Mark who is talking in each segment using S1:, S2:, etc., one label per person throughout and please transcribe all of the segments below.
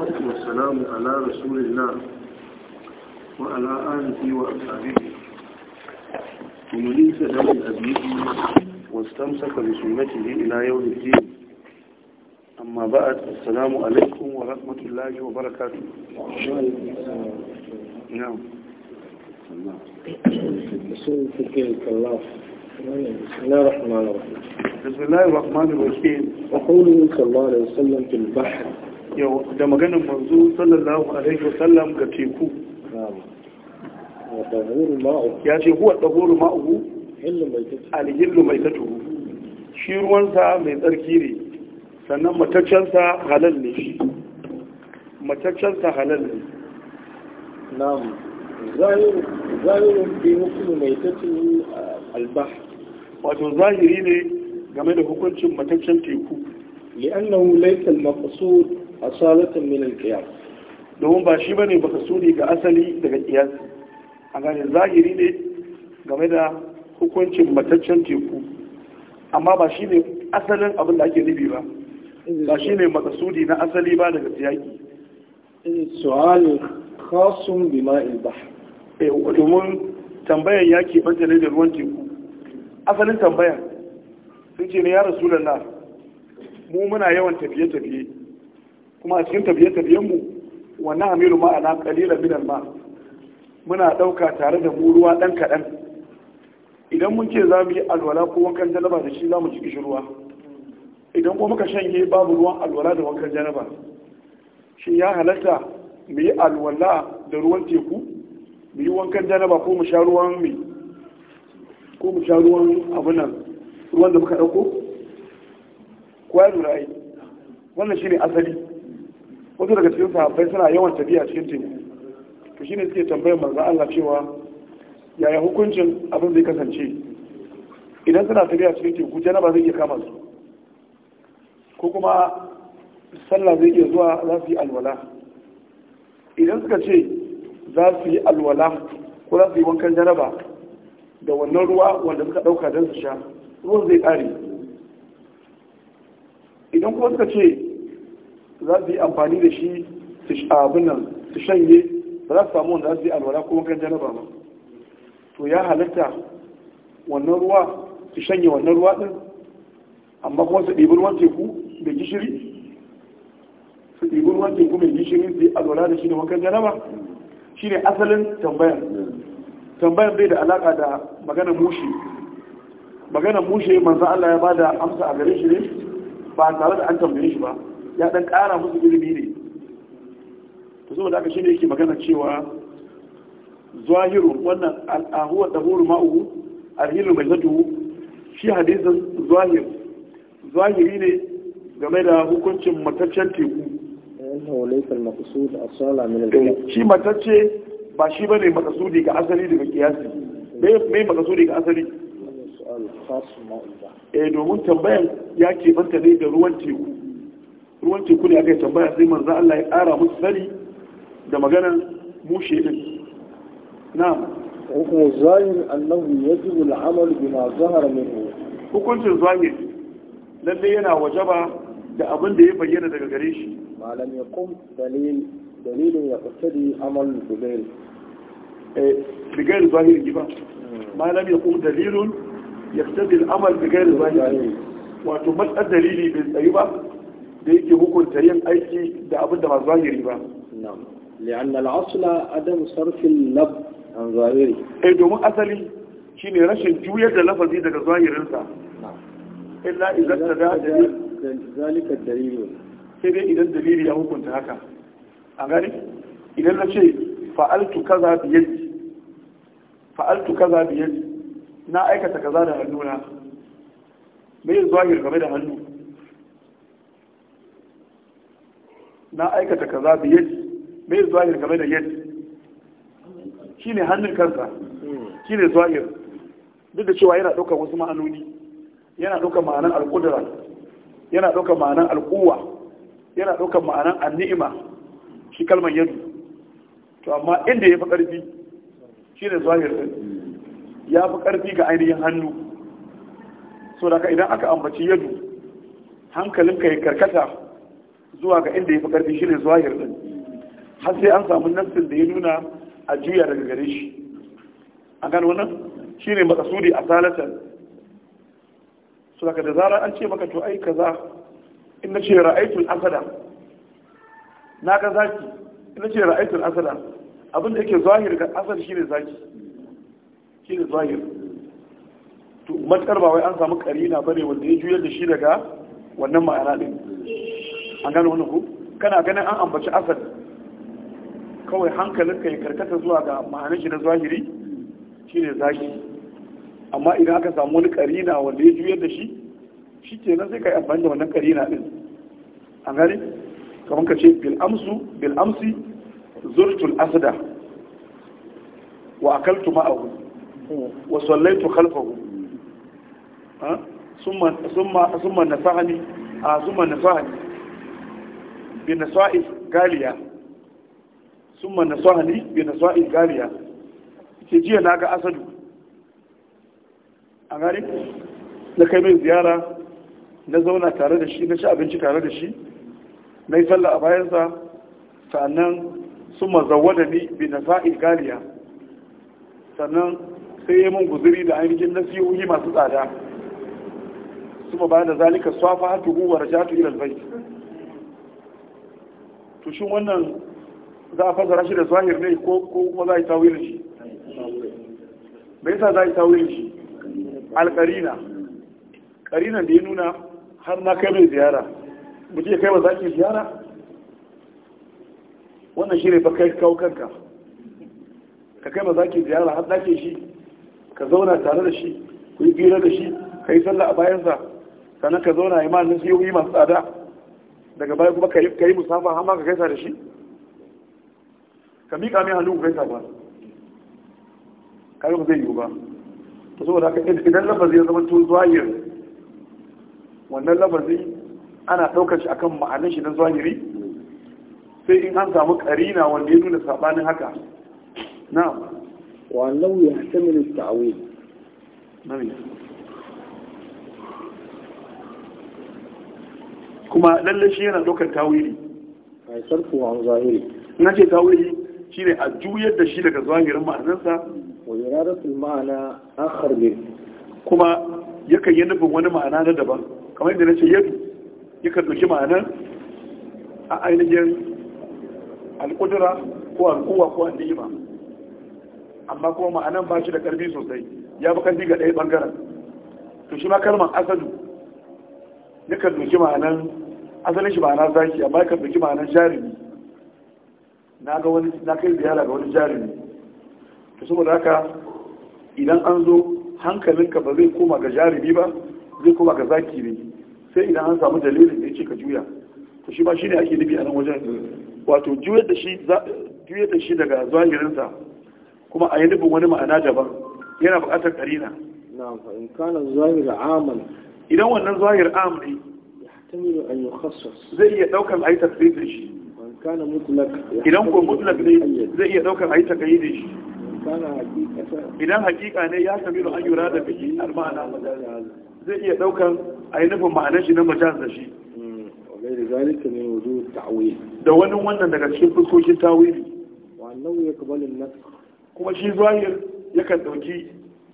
S1: والصلاة والسلام على رسول الله وعلى آله وأصحابه ومن اهتدى بهديه واستمسك بسنته إلى يوم الدين أما بعد السلام عليكم ورحمة الله وبركاته نعم بسم الله الرحمن الرحيم بسم الله الرحمن الرحيم وقوله صلى الله عليه وسلم في البحر yau da maganin manzo sallallahu alaihi wasallam ga teku ya ce huwa ɗahuru ma'uhu alihillu mai tatuhu shi ruwansa mai tsarki ne sannan mataccensa halal ne shi mataccensa halal ne na'am zahirin bi hukumu mai tatuhu uh, alba wato zahiri ne game da hukuncin mataccen teku li'annahu laysa al-maqsud asalatan min al-qiyas domin ba shi bane baka suri ga asali daga qiyas A gane zahiri ne game da hukuncin mataccen teku amma ba shi ne asalin abin da ake nufi ba ba shi ne makasudi na asali ba daga tiyaki su'alin khasun bima ilba eh, domin tambayar ya keɓanta ne da ruwan teku asalin tambayar sun ce ne ya rasu da mu muna yawan tafiye-tafiye kuma a cikin tafiye-tafiyen mu wannan amiru ma'ana kalilan min ma muna dauka tare da mu ruwa dan kadan idan mun ce za mu yi alwala ko wankan janaba da shi za mu ci kishirwa. ruwa idan kuma muka shanye babu ruwan alwala da wankan janaba shi ya halatta mu yi alwala da ruwan teku mu yi wankan janaba ko mu sha ruwan mai ko mu sha ruwan abu nan ruwan da muka dauko ko ya lura ai wannan shine asali wasu daga cikin sahabbai suna yawan tafiya cikin teku to shine suke tambayar manzon Allah cewa yaya hukuncin abin zai kasance idan suna tafiya cikin teku janaba zai iya kama su ko kuma sallah zai iya zuwa za su yi alwala idan suka ce za su yi alwala ko za su yi wankan janaba da wannan ruwa wanda suka ɗauka don su sha ruwan zai ƙare idan kuma suka ce za su yi amfani da shi abin nan su shanye ba za su samu wanda za su yi alwala ko wankan janaba ba to ya halatta wannan ruwa su shanye wannan ruwa din amma kuma su ɗibi ruwan teku da gishiri su ɗibi ruwan teku mai gishiri su yi alwala da shi da wankan janaba shi ne asalin tambayar tambayar bai da alaƙa da maganar mushi maganar mushe manzan Allah ya ba da amsa a gare shi ne ba tare da an tambaye shi ba ya dan ƙara musu ilimi ne to saboda aka shine yake magana cewa zahirun wannan al'ahuwa dahuru ma'uhu alhilu mai zatuhu shi hadisin zahir zahiri ne game da hukuncin mataccen teku eh, shi matacce ba shi bane makasudi ga asali daga kiyasi mai makasudi ga asali eh domin tambayan ya ke banta ne da ruwan teku ruwan teku ne aka yi tambaya sai manzo Allah ya ƙara musu sani da maganar mushe din na'am hukum zahir annahu yajibu al-amal bima hukuncin zahir lalle yana wajaba da abin da ya bayyana daga gare shi malam ya kum dalil dalilin ya qtadi amal bigair eh bigair zahir hmm. malam ya kum dalilun amal zahir wato matsar dalili bai tsayi ba da yake hukunta yin aiki da abin da ba zahiri ba na'am li'anna al-asl adam sarf al-lab an zahiri eh domin asali shine rashin juyar da lafazi daga zahirinsa illa idan ta da zalika dalil sai dai idan dalili ya hukunta haka a gani idan na ce fa'altu kaza bi yadi fa'altu kaza bi yadi na aikata kaza da hannuna me yin zahir game da hannu na aikata kaza bi yadi mai zuwa game da Shi ne hannun kansa ne zahir duk da cewa yana ɗaukar wasu ma'anoni yana ɗaukar ma'anan alƙudura yana ɗaukar ma'anan alƙuwa yana ɗaukar ma'anan anni'ima shi kalmar yadu to amma inda ya fi ƙarfi shi ne zahir ya fi ƙarfi ga ainihin hannu so da idan aka ambaci yadu hankalinka ya karkata zuwa ga inda ya fi karfi shine zahir din har sai an samu nassin da ya nuna a juya daga gare shi a gano wannan shine makasudi a salatan su daga da zarar an ce maka to ai kaza in na ce ra'aitul asada na ga zaki in na ce ra'aitul asada abin da yake zahir ga asar shine zaki shine zahir to matsar ba wai an samu karina bane wanda ya juyar da shi daga wannan ma'ana din an gano wani ku kana ganin an ambaci asad kawai ka yi karkata zuwa ga ma'anin shi na zahiri shi ne zaki amma idan aka samu wani karina wanda ya juyar da shi shi ke nan sai ka yi amfani da wannan karina din an gani? kamar ka ce bil'amsu bil'amsi zurtul asada wa akaltu ma'ahu wa sallaitu khalfahu summa summa summa nasahani a summa nasahani bi nasa'is galiya summa nasahani bi nasa'is galiya ke jiya na ga asadu a gani na kai mai ziyara na zauna tare da shi na ci abinci tare da shi na yi sallah a bayansa sannan sun da ni bi nasa'il galiya sannan sai yi mun guziri da ainihin nasihohi masu tsada su ba da zalika swafa hatu huwa rajatu ilal bait to shi wannan za a fasara shi da zahir ne ko kuma za a yi tawil shi bai sa za a yi tawil shi alƙarina ƙarinan da ya nuna har na kai mai ziyara mutum ya kai ba za ki ziyara wannan shi ne ba kai kawo kanka ka kai ba za ki ziyara har ɗake shi ka zauna tare da shi ku yi bira da shi ka yi sallah a bayansa sannan ka zauna imanin sai yi masu tsada daga baya kuma ka yi musafa har ma ka gaisa da shi ka miƙa mai hannu gaisa ba kayan zai yiwu ba to saboda haka idan lafazi ya zama to zahir wannan lafazi ana ɗaukar shi akan ma'anin shi na zahiri sai in an samu karina wanda ya nuna sabanin haka na'am wa lau ya hatamin ta'awil kuma lallai shi yana ɗaukar tawili na ce tawili ne a juyar da shi daga zahirin ma'anarsa wa kuma yakan yi nufin wani ma'ana na daban kamar yadda ce yadu yakan ɗauki ma'anar a ainihin alƙudura ko al'uwa ko al'ima amma kuma ma'anar ba shi da ƙarfi sosai ya fi ga ɗaya ɓangaren to shi ma kalmar asadu yakan doki ma'anan asalin shi ma'ana zaki amma yakan doki ma'anan jarumi na ga wani na kai ziyara ga wani jarumi to saboda haka idan an zo hankalinka ba zai koma ga jarumi ba zai koma ga zaki ne sai idan an samu dalilin da yake ce ka juya to shi ba shine ake nufi a nan wajen wato juyar da shi daga zahirinsa kuma a yi nufin wani ma'ana daban yana buƙatar karina na fa'in kana zahir amal idan wannan zahir am zai iya daukan ayi tafi da shi idan ko mutlak ne zai iya daukan ayi tafi da shi idan hakika ne ya tamilu an yura da bihi al-ma'ana zai iya daukan ayi nufin ma'anar shi na majaz da shi hmm,
S2: da wani wannan daga cikin fuskokin
S1: tawili kuma shi zahir yakan dauki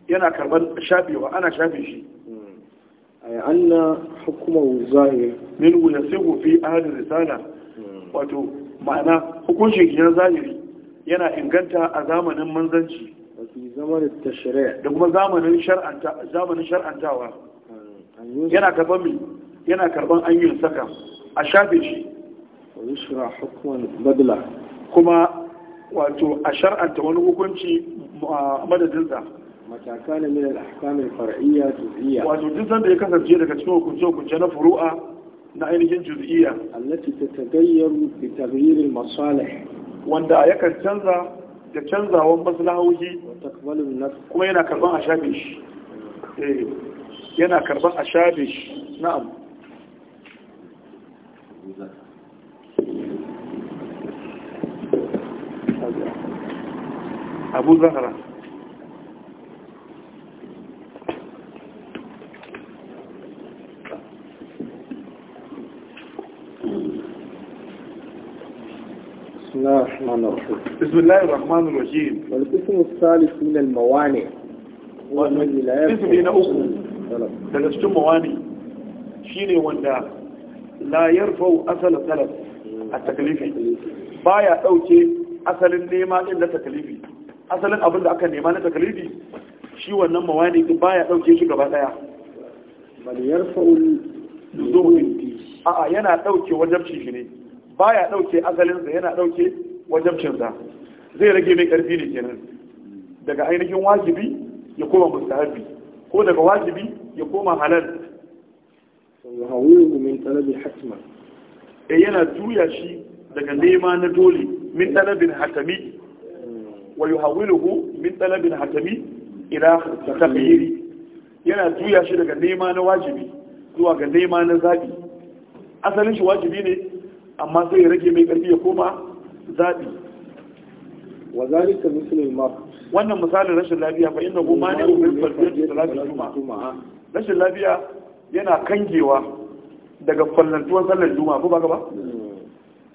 S1: yana karban shafewa ana shafe shi hukumar أن حكمه ظاهر منه يسيغ في أهل risala. wato ma'ana hukuncin gidan zahiri yana inganta a zamanin manzanci da kuma zamanin shar'antawa yana karban mi yana karban an saka a shafe shi shira hukumar kuma wato a shar'anta wani hukunci madadinsa كان من الأحكام الفرعية الجزئية وأنجزان دي كانت جيدة كتنوه كنتوه كنتنا فروعة نعينيين جزئية التي تتغير بتغيير المصالح وأن دعايا كتنزا كتنزا ومصلحة وجي وتقبل النفس كما ينا كربان أشابش إيه. ينا كربان أشابش نعم أبو زهرة أبو زهرة الله الرحمن الرحيم بسم الله الرحمن الرحيم والقسم الثالث من الموانع هو الذي لا يقسم إلى أخو ثلاث موانع شيني وندا لا يرفع أصل الثلاث التكليفي بايا أوكي أصل النيمة إلا تكليفي أصل أبن دعك النيمة إلا تكليفي shi wannan mawani baya ɗauke shi gaba ɗaya bal yarfa'u luzum a a yana ɗauke wajen shi ne baya dauke asalinsa yana dauke sa zai rage mai karfi ne kenan daga ainihin wajibi ya koma mustahabi ko daga wajibi ya koma halal sallahu min talabi hatma eh yana juya shi daga nema na dole min talabin hatami wa yuhawiluhu min talabin hatami ila takhayyiri yana juya shi daga nema na wajibi zuwa ga nema na zabi asalin shi wajibi ne amma sai ya rage mai ƙarfi ya koma zaɓi wa zalika mislul ma wannan misalin rashin lafiya fa inna goma ne ubin farfiyar salatin juma'a rashin lafiya yana kangewa daga fallantuwan sallar juma'a ko ba ka ba hmm.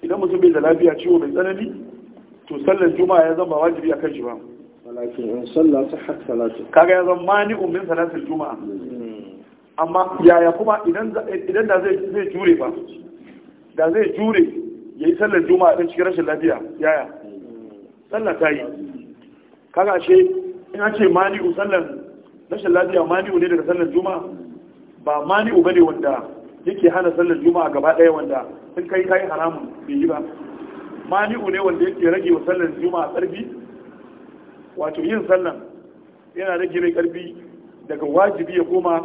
S1: idan mutum bai da lafiya ciwo mai tsanani to sallar juma'a ya zama wajibi a kan shi ba walakin in salla sahhat salatu kaga ya zama mani ummin salatil juma'a hmm. amma yaya kuma idan da zai jure ba da zai jure ya yi sallar juma'a don cikin rashin lafiya yaya sallar ta yi kaga ce in an ce mani'u sallar rashin lafiya mani'u ne daga sallar juma'a ba mani'u ba ne wanda yake hana sallar juma'a gaba ɗaya wanda sun kai kayi haramun bai yi ba mani'u ne wanda yake rage wa sallar juma'a ƙarfi wato yin sallar yana rage mai ƙarfi daga wajibi ya koma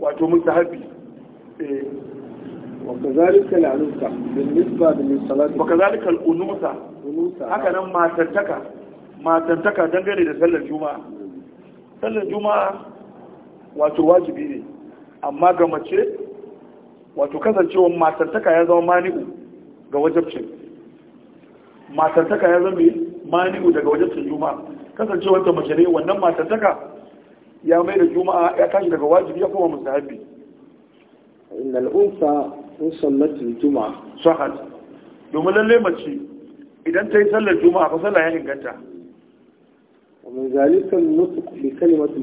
S1: wato mustahabi eh. وكذلك الأنوثة بالنسبة للصلاة وكذلك الأنوثة هكذا ما تنتكى ما تنتكى دنجري لسلة الجمعة سلة الجمعة wato wajibi ne amma ga mace wato kasancewar matantaka ya zama mani'u ga wajabcin matantaka ya zama mani'u daga wajabcin juma'a kasancewar mace ne wannan matantaka ya mai da juma'a ya tashi daga wajibi ya koma musahabi inna al'unsa in sallatul juma'a sahal domin lalle mace idan ta yi sallar juma'a fa sallah ya inganta ومن ذلك النطق بكلمة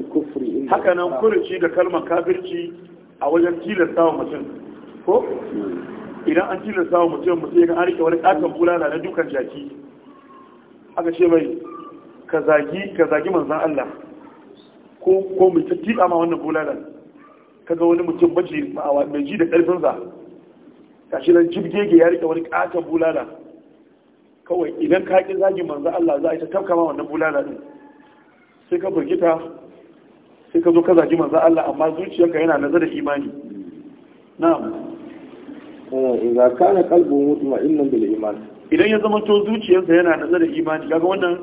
S1: haka nan kurci da kalmar kafirci a wajen tilasta mutum ko idan an tilasta mutum mutum ya rike wani katon bulala na dukan jaki aka ce mai ka zagi ka zagi manzon Allah ko ko mu tattiba ma wannan bulalan kaga wani mutum baji mai ji da ƙarfinsa gashi nan gege ya rike wani ƙaton bulala kawai idan ka ƙi zagin manzo Allah za a yi ta tafka ma wannan bulala din sai ka burgita sai ka zo ka zagi manzo Allah amma zuciyarka yana da imani na'am ga eh, kana qalbuhu mutma'innan bil iman idan ya zama to zuciyarsa yana da imani kaga wannan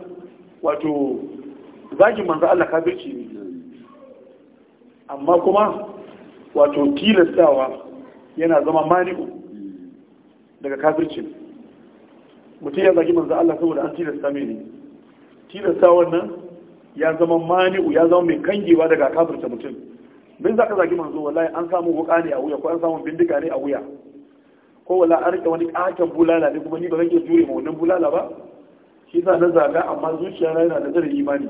S1: wato zagin manzo Allah kafirci ne amma kuma wato tilastawa yana zama mani'u daga kafircin mutum ya zagi manzan Allah saboda an tilasta mai ne tilasta nan ya zama mani'u ya zama mai kangewa daga kafirta mutum bin za ka zagi manzo wallahi an samu wuka ne a wuya ko an samu bindiga ne a wuya ko wala an rike wani katon bulala ne kuma ni ba zan iya jure ma wannan bulala ba shi sa na zaga amma zuciya na yana da zarar imani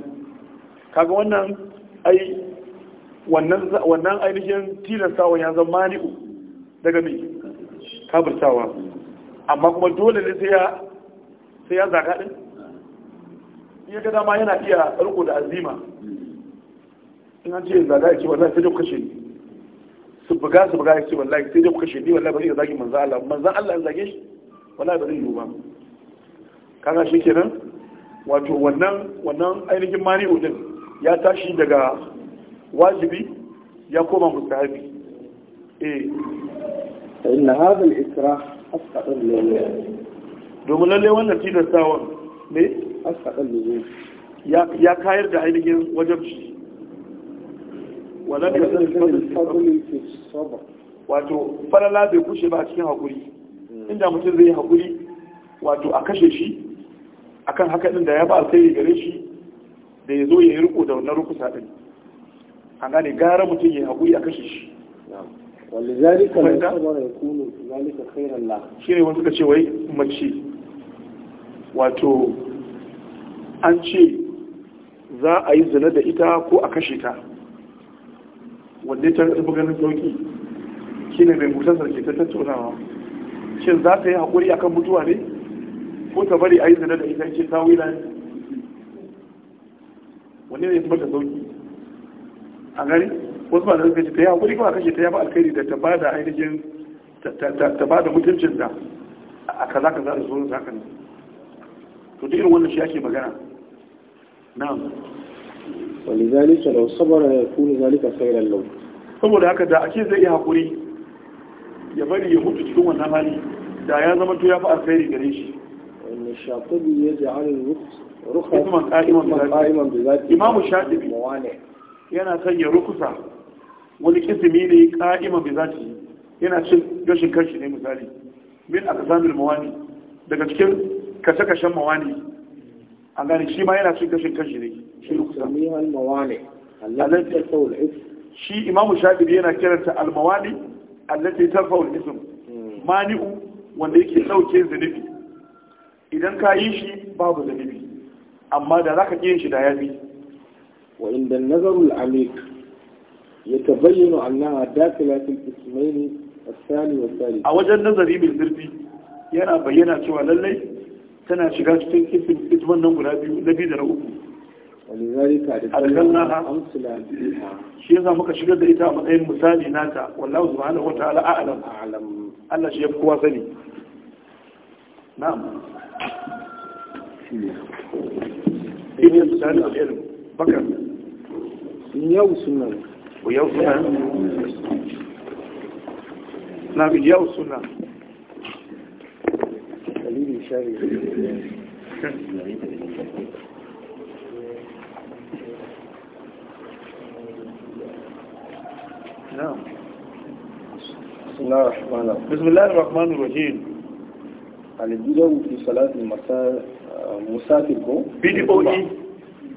S1: kaga wannan ai wannan ainihin tilastawa ya zama mani'u daga mai kafirtawa amma kuma dole ne sai ya zaga ɗin iya ga dama yana iya riko da azima in an ce zaga yake ce wallahi sai dai kashe ni su buga su buga yake ce wallahi sai dai kashe ni wallahi ba zai zagi manzan Allah manzan Allah ya zage shi wallahi ba zai yi ba kaga shi kenan wato wannan wannan ainihin mani'u din ya tashi daga wajibi ya koma mustahabi eh inna hadha al-ikrah asqata al-lawm domin lalle wannan tilastawan ne asqata al-lawm ya ya kayar da ainihin wajibci wala ka san fadli fi sabr wato falala bai kushe ba cikin hakuri hmm. inda mutum zai yi hakuri wato a kashe shi akan haka din da ya ba alkhairi gare shi da ya zo ya yi riko da wannan rukusa din an gane gara mutum ya haƙuri a kashe shi walidhalika la sabara yakunu dhalika khairan la ne wanda suka ce wai mace wato an ce za a yi zina da ita ko a kashe ta wanda ta tafi ganin sauki ne mai mutasar ke ta tattaunawa shin za ka yi haƙuri akan mutuwa ne ko ta bari a yi zina da ita ce ta wila ne wanne ne ya da sauki a gani wasu ba da suka ce ta yi hakuri kuma kashe ta yaba alkhairi da ta ba da ainihin ta ba da mutuncin da a kaza kaza da zuwa zaka ne to duk irin wannan shi ake magana na'am ولذلك لو صبر يكون zalika خيرا lallau? saboda haka da ake zai yi hakuri ya bari ya mutu cikin wannan hali da ya zama to ya fi alkhairi gare shi wannan shafi ya ja'al rukhsa rukhsa kuma qa'iman bi shafi mawani yana son ya rukusa wani kisimi ne ka'ima mai zaci yana cin gashin kanshi ne misali min a kasamir mawani daga cikin kashe-kashen mawani a gani shi ma yana cin gashin kanshi ne shi rukusa shi imamu shafiri yana kiranta almawani allati tarfa al-ism hmm. mani'u wanda yake dauke zunubi idan ka yi shi babu zunubi amma da zaka yin shi da yafi وعند النظر العميق يتبين أنها داخلة في الاسمين الثاني والثالث أوجه النظري بالذربي yana bayyana cewa lallai tana shiga cikin kifin fitman guda biyu na da na shi yasa muka shigar da ita a matsayin misali nata wallahu subhanahu wa Allah shi ya kowa sani بكر يو سنة ويو سنة نعم يو سنة شاري نعم بسم الله الرحمن الرحيم بسم الله الرحمن الرحيم البدع في صلاة المسافر بيدي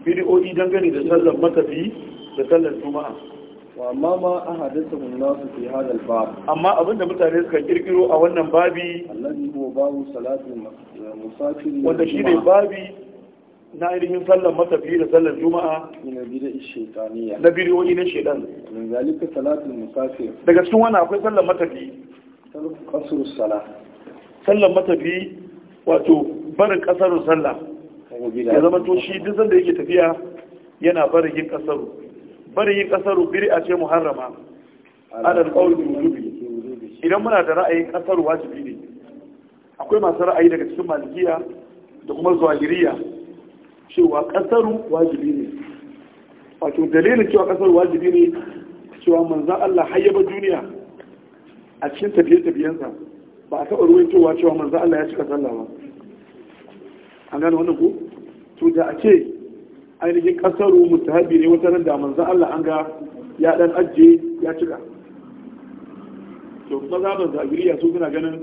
S1: bidiyoyi dangane da sallar matafi da sallar juma'a wa amma ma a hadisa nasu fi hadal babu. amma abinda mutane suka kirkiro a wannan babi allazi huwa babu musafir wanda shine babi na ainihin sallar matafi da sallar juma'a na bidiyoyi shaytaniya na bidiyoyi na shaytan min zalika musafir daga cikin wannan akwai sallar matafi sallar qasrus salah sallar matafi wato barin kasarun sallah ya zama to shi duk sanda yake tafiya yana barin yin kasaru barin yin kasaru a ce muharrama alal qawl wujubi idan muna da ra'ayin kasaru wajibi ne akwai masu ra'ayi daga cikin malikiya da kuma zawahiriya cewa kasaru wajibi ne wato dalilin cewa kasaru wajibi ne cewa manzan Allah hayyaba duniya a cikin tafiye-tafiyensa ba a taɓa ruwan cewa cewa manzan Allah ya cika sallah ba an gane wannan ku to da a ce ainihin kasaru mustahabi ne wata nan da manzan Allah an ga ya dan ajiye ya cika to mazhaban zagiriya su suna ganin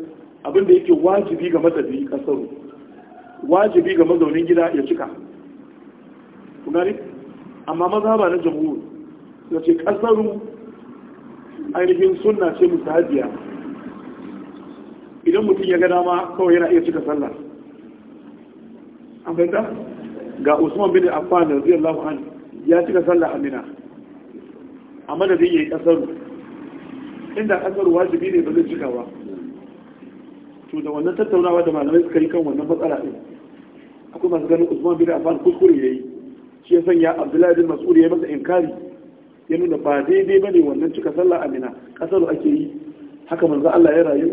S1: abin da yake wajibi ga matsafi kasaru wajibi ga mazaunin gida ya cika kuna ne amma maza ba na jamhur da ce kasaru ainihin sunna ce mustahabiya idan mutum ya ga dama kawai yana iya cika sallah an fahimta ga usman bin affan radiyallahu anhu ya cika sallah amina a madadin yi kasaru inda kasaru wajibi ne ba zai cika ba to da wannan tattaunawa da malamai suka yi kan wannan matsala din akwai masu ganin usman bin affan kuskure yayi shi ya sanya abdullahi bin mas'ud ya masa inkari ya nuna ba daidai bane wannan cika sallah amina kasaru ake yi haka manzo Allah ya rayu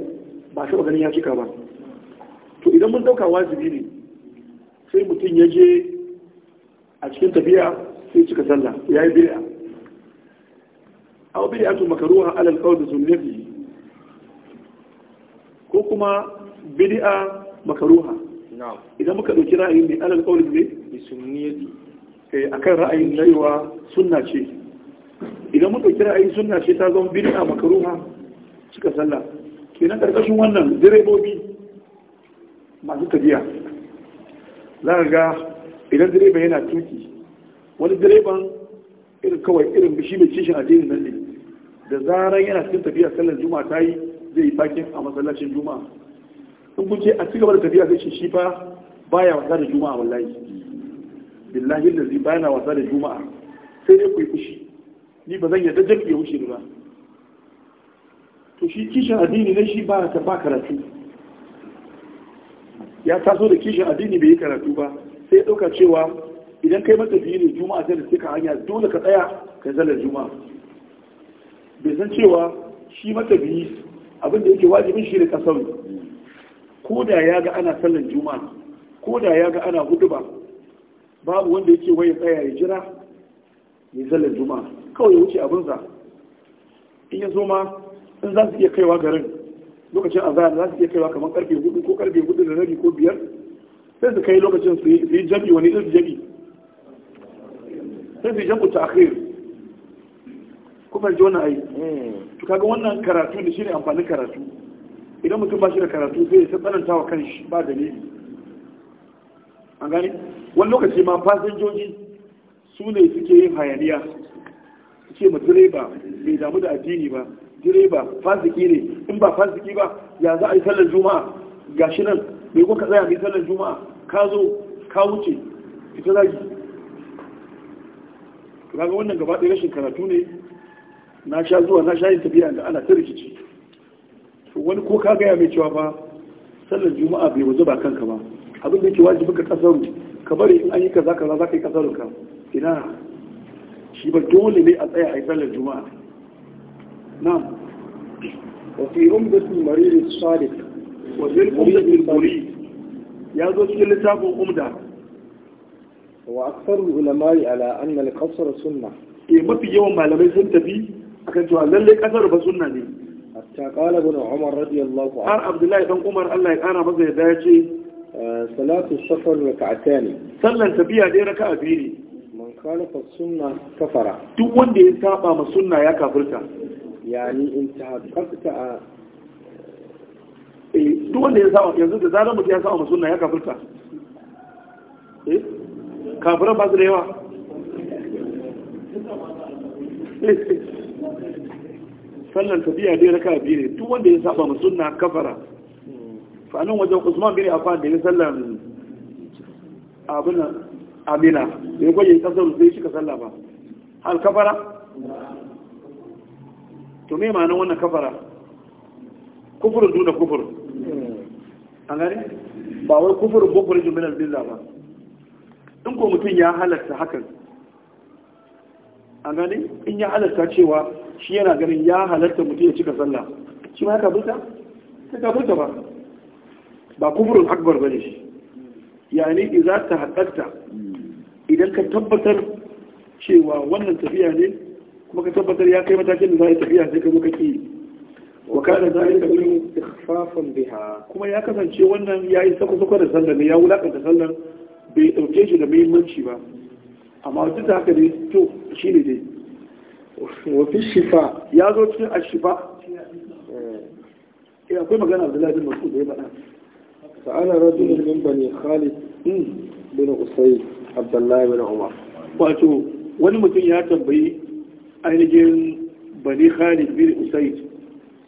S1: ba shi ganin ya cika ba to idan mun dauka wajibi ne sai mutum ya je a cikin tafiya sai cika sallah ya yi bid'a aw bid'atu makruha ala al-qawl bi sunnati ko kuma bid'a makruha na'am idan muka dauki ra'ayin ne ala al-qawl bi sunnati eh akan ra'ayin laiwa sunna ce idan muka dauki ra'ayin sunna ce ta zama bid'a makruha cika sallah kenan karkashin wannan direbobi masu tafiya za ga idan direba yana tuki wani direban irin kawai irin bishi mai cishin addinin nan ne da zarar yana cikin tafiya sallar juma'a ta yi zai yi fakin a masallacin juma'a in kun ce a cigaba da tafiya zai shi fa baya wasa da juma'a wallahi billahi da zai baya wasa da juma'a sai dai ku yi fushi ni ba zan yadda jami'i ya wuce ba to shi kishin addini na shi ba ta ba karatu ya taso da kishin addini bai yi karatu ba sai ɗauka cewa idan kai biyu ne juma'a sai da suka hanya dole ka tsaya ka zalar juma'a bai san cewa shi matafiyi abin da yake wajibin shi ne kasar ko da ya ga ana sallar juma'a ko da ya ga ana huduba babu wanda yake waya tsaya ya jira ya zalar juma'a kawai ya wuce za in ya ma in za su iya kaiwa garin lokacin azahar za su iya kaiwa kamar karfe hudu ko karfe hudu da rabi ko biyar sai su kai lokacin su yi jabi wani irin jabi sai su yi jabi ta akhir kuma ji wani ayi hmm. to kaga wannan karatu da shine amfanin karatu idan mutum ba shi da karatu sai ya tsananta wa kanshi ba dalili an gani wani lokaci ma fasinjoji su ne suke yin hayaniya su ce ma direba bai damu da addini ba direba fasiki ne in ba fasiki ba ya za a yi sallar juma'a gashi nan mai kuka tsaya mai sallar juma'a ka zo ka wuce ita zagi ga wannan gaba ɗaya rashin karatu ne na sha zuwa na sha yin tafiya da ana ta rikici wani ko ka gaya mai cewa ba sallar juma'a bai wuzu ba kanka ba abin da yake wajibi ka kasaru ka bari in an yi kaza kaza za ka yi kasaru ka ina shi ba dole ne a tsaya a yi sallar juma'a na'am wa fi umdatul marid sadiq wa zil umdatul murid ya zo cikin littafin umda wa aksar ulamai ala anna al-qasr sunna eh mafi yawan malamai sun tafi akan cewa lalle kasar ba sunna ne hatta qala ibn umar radiyallahu anhu har abdullahi dan umar Allah ya kara masa yadda ya ce eh, salatu safar ne. sallan tafiya dai raka'a biyu ne man khalafa sunna kafara duk wanda ya saba ma sunna ya kafirta yani in a. eh duk wanda ya saba yanzu da zarar mutum ya saba ma sunna ya kafirta eh kafiran ba su da yawa sallan tafiya dai raka biyu ne duk wanda ya saba ma sunna kafara fa nan wajen Usman bin Affan da ya sallan abin Amina da ya kwaje kasar sai shi ka salla ba hal kafara to me ma'anar wannan kafara kufurin duna kufurin Hmm. an ba wai kufurin bukurin jimilar billa ba in ko mutum ya halatta hakan an gani in ya halatta cewa shi yana ganin ya halatta mutum ya cika sallah shi ma ya kafirta ya kafirta ba ba kufurin akbar ba ne shi yani za ta haɗarta idan ka tabbatar cewa wannan tafiya ne kuma ka tabbatar ya kai matakin da za a yi tafiya sai ka zo ƙi. wa kana zalika min ikhfafan biha kuma ya kasance wannan yayi sako sako da sallar ne ya wulakanta sallar bai dauke shi da muhimmanci ba amma duk da haka ne to shi ne dai wa fi shifa ya zo cikin ashifa eh akwai magana Abdullahi bin Mas'ud da ya faɗa sa'ala rajulun min bani Khalid hmm. bin Usayd Abdullahi bin Umar wato wani mutum ya tambayi ainihin bani Khalid bin Usayd